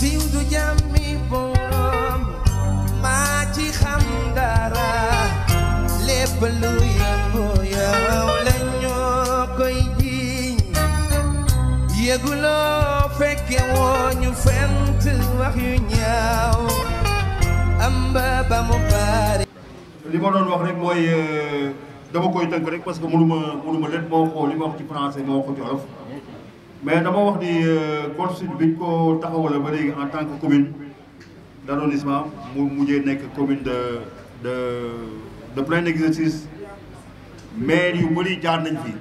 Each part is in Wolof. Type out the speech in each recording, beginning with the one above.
siiw du jàmmi borom maa ci xam dara lépp lu yëngu yow la ñoo koy jiiñ yëguloo fekke woo ñu fent wax yu ñaaw amba ba mu bari li ma doon wax rek mooy euh, dama koy tënk rek parce que mënuma mënuma lépp moo xool li ma wax ci français moo ko ci mais dama wax ni euh, Golf Sud bi ñu ko taxawale ba en tant que commune d'arrondissement, arrondissement mu mujjee commune de de de plein exercice maire yu bëri jaar nañ fi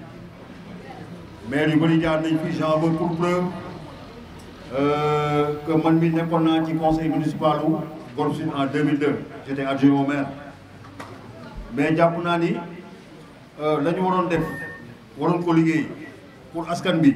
maire yu bëri jaar nañ fi j'en veux pour preuve euh, que man mi nekkoon naa ci conseil municipal u en 2002 j'étais adjoint au maire mais jàpp ni euh, la ñu waroon def waroon ko pour askan bi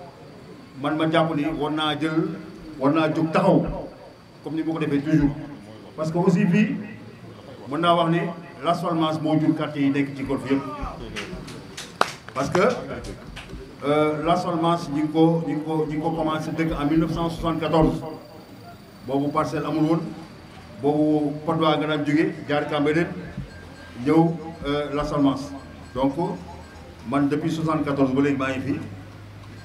man ma jàpp ni war naa jël war naa jóg taxaw comme ni ma ko defee toujours parce que aussi fii mën naa wax ni l'assainissement moo jur quartier yi nekk ci golf yëpp parce que euh, l'assainissement ñi ngi ko ñi ngi ko ñi ngi ko commencé dëkk en 1974 boobu parcelle amul woon boobu Patte d'Oie nga daan jóge jaar Cambérène ñëw euh, l'assainissement donc man depuis 74 ba léegi maa ngi fii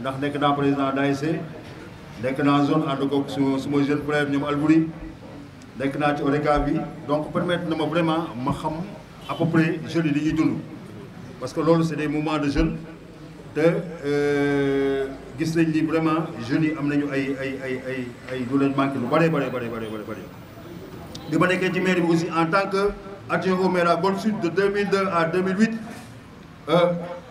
ndax nek na président nous nous na zone jeune frère Albouri ci donc permettre vraiment ma à peu près jeunes parce que c'est des moments de jeunes euh, gis nañ vraiment jeunes ay ay ay ay en tant que adjoint au maire à de 2002 à 2008.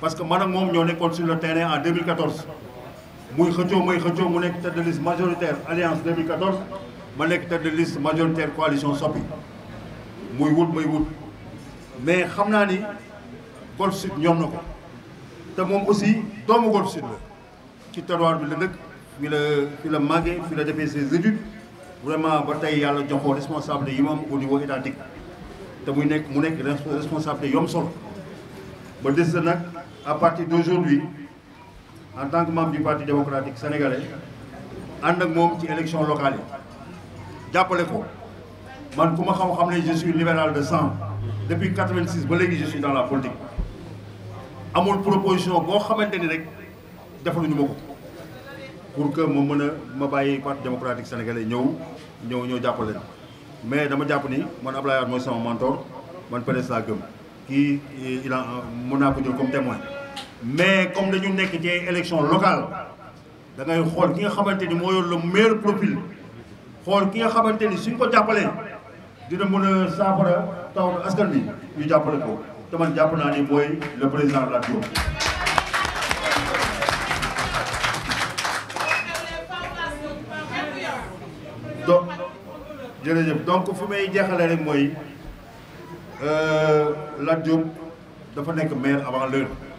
parce que madame mom moom ñoo nekkoon sur le terrain en 2014 muy xëccoo muy xëccoo mu nekk tête de liste majoritaire alliance 2014 ma nekk tête de liste majoritaire coalition Sopi muy wut muy wut mais xam naa ni Golf Sud ñoom na ko te moom aussi doomu Golf Sud la ci terroir bi la dëkk fi la fi la màggee fi la defee ses études vraiment ba tey yàlla joxoo responsable yi moom au niveau étatique te muy nekk mu nekk responsable yom solo ba des nag à partir d'aujourd'hui en tant que membre du parti démocratique sénégalais tant que membre élection locale je suis libéral de sang depuis 1986, je suis dans la politique amul proposition pour que je parti démocratique sénégalais mais dama suis ni mentor Je suis il a comme témoin mais comme dañu nekk ci ay élection locale da xool ki nga xamante ni moo yor le meilleur profil xool ki nga xamante ni suñ ko jàppalee dina mën a saafara taw askan bi ñu jàppale ko te jàpp naa ni mooy le président de la donc fu may jeexalee rek mooy euh, Lat Diop dafa nekk maire avant l'heure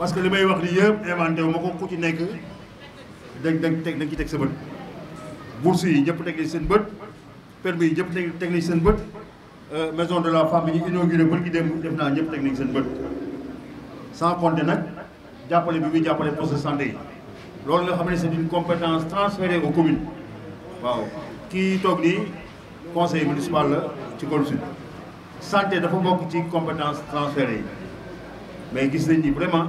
parce que li may wax li yëpp inventé wu ma ko ku ci nekk dañ dañ teg dañ ci teg sa bët bourse yi ñëpp teg nañ seen bët permis yi ñëpp teg nañ seen bët euh, maison de la femme yi ñu inauguré bër gi dem def naa ñëpp teg nañ seen bët sans compter nag jàppale bi muy jàppale poste de santé yi loolu nga xam ne c'est une compétence transférée aux communes waaw kii toog nii conseil municipal la ci Golf Sud santé dafa bokk ci compétence transférée yi mais gis nañ ni vraiment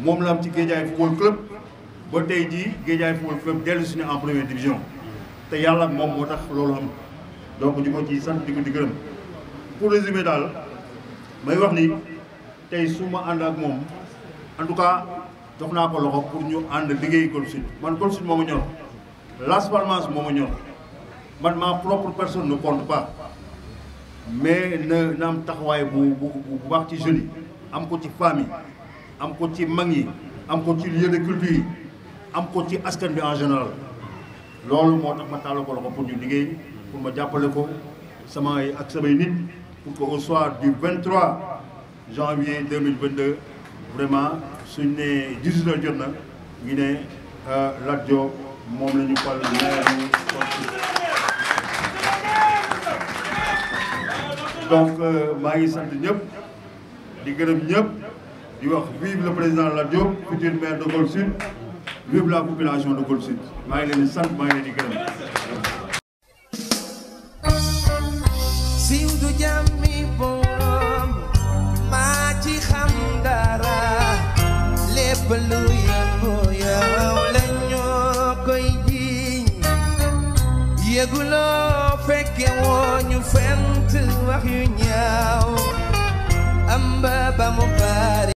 moom la am ci Guédiawaye football club ba tey jii Guédiawaye football club dellu si ne en première division te yàlla ak moom moo tax loolu am donc ñu ko ciy sant di ko di gërëm pour résumer daal may wax ni tey su ma ànd ak moom en tout cas jox naa ko loxo pour ñu ànd liggéey Golf Sud man Golf Sud moo ma ñor Las Palmas moo ma ñor man ma propre personne ne compte pas mais na na am taxawaay bu bu bu baax ci jeunes yi am ko ci famille am ko ci mag yi am ko ci lieu culture yi am ko ci askan bi en général loolu moo tax ma tàllal ko loxo pour ñu liggéey pour ma jàppale ko sama ak samay nit pour que au soir du 23 janvier 2022 vraiment suñ ne 18 jot na ñu ne euh, Lat Diop moom la ñu fal maire donc euh, maa ngi sant ñëpp di gërëm ñëpp. di wax vive le président Lat futur maire de Golf Sud vive la population de Golf Sud sant amba ba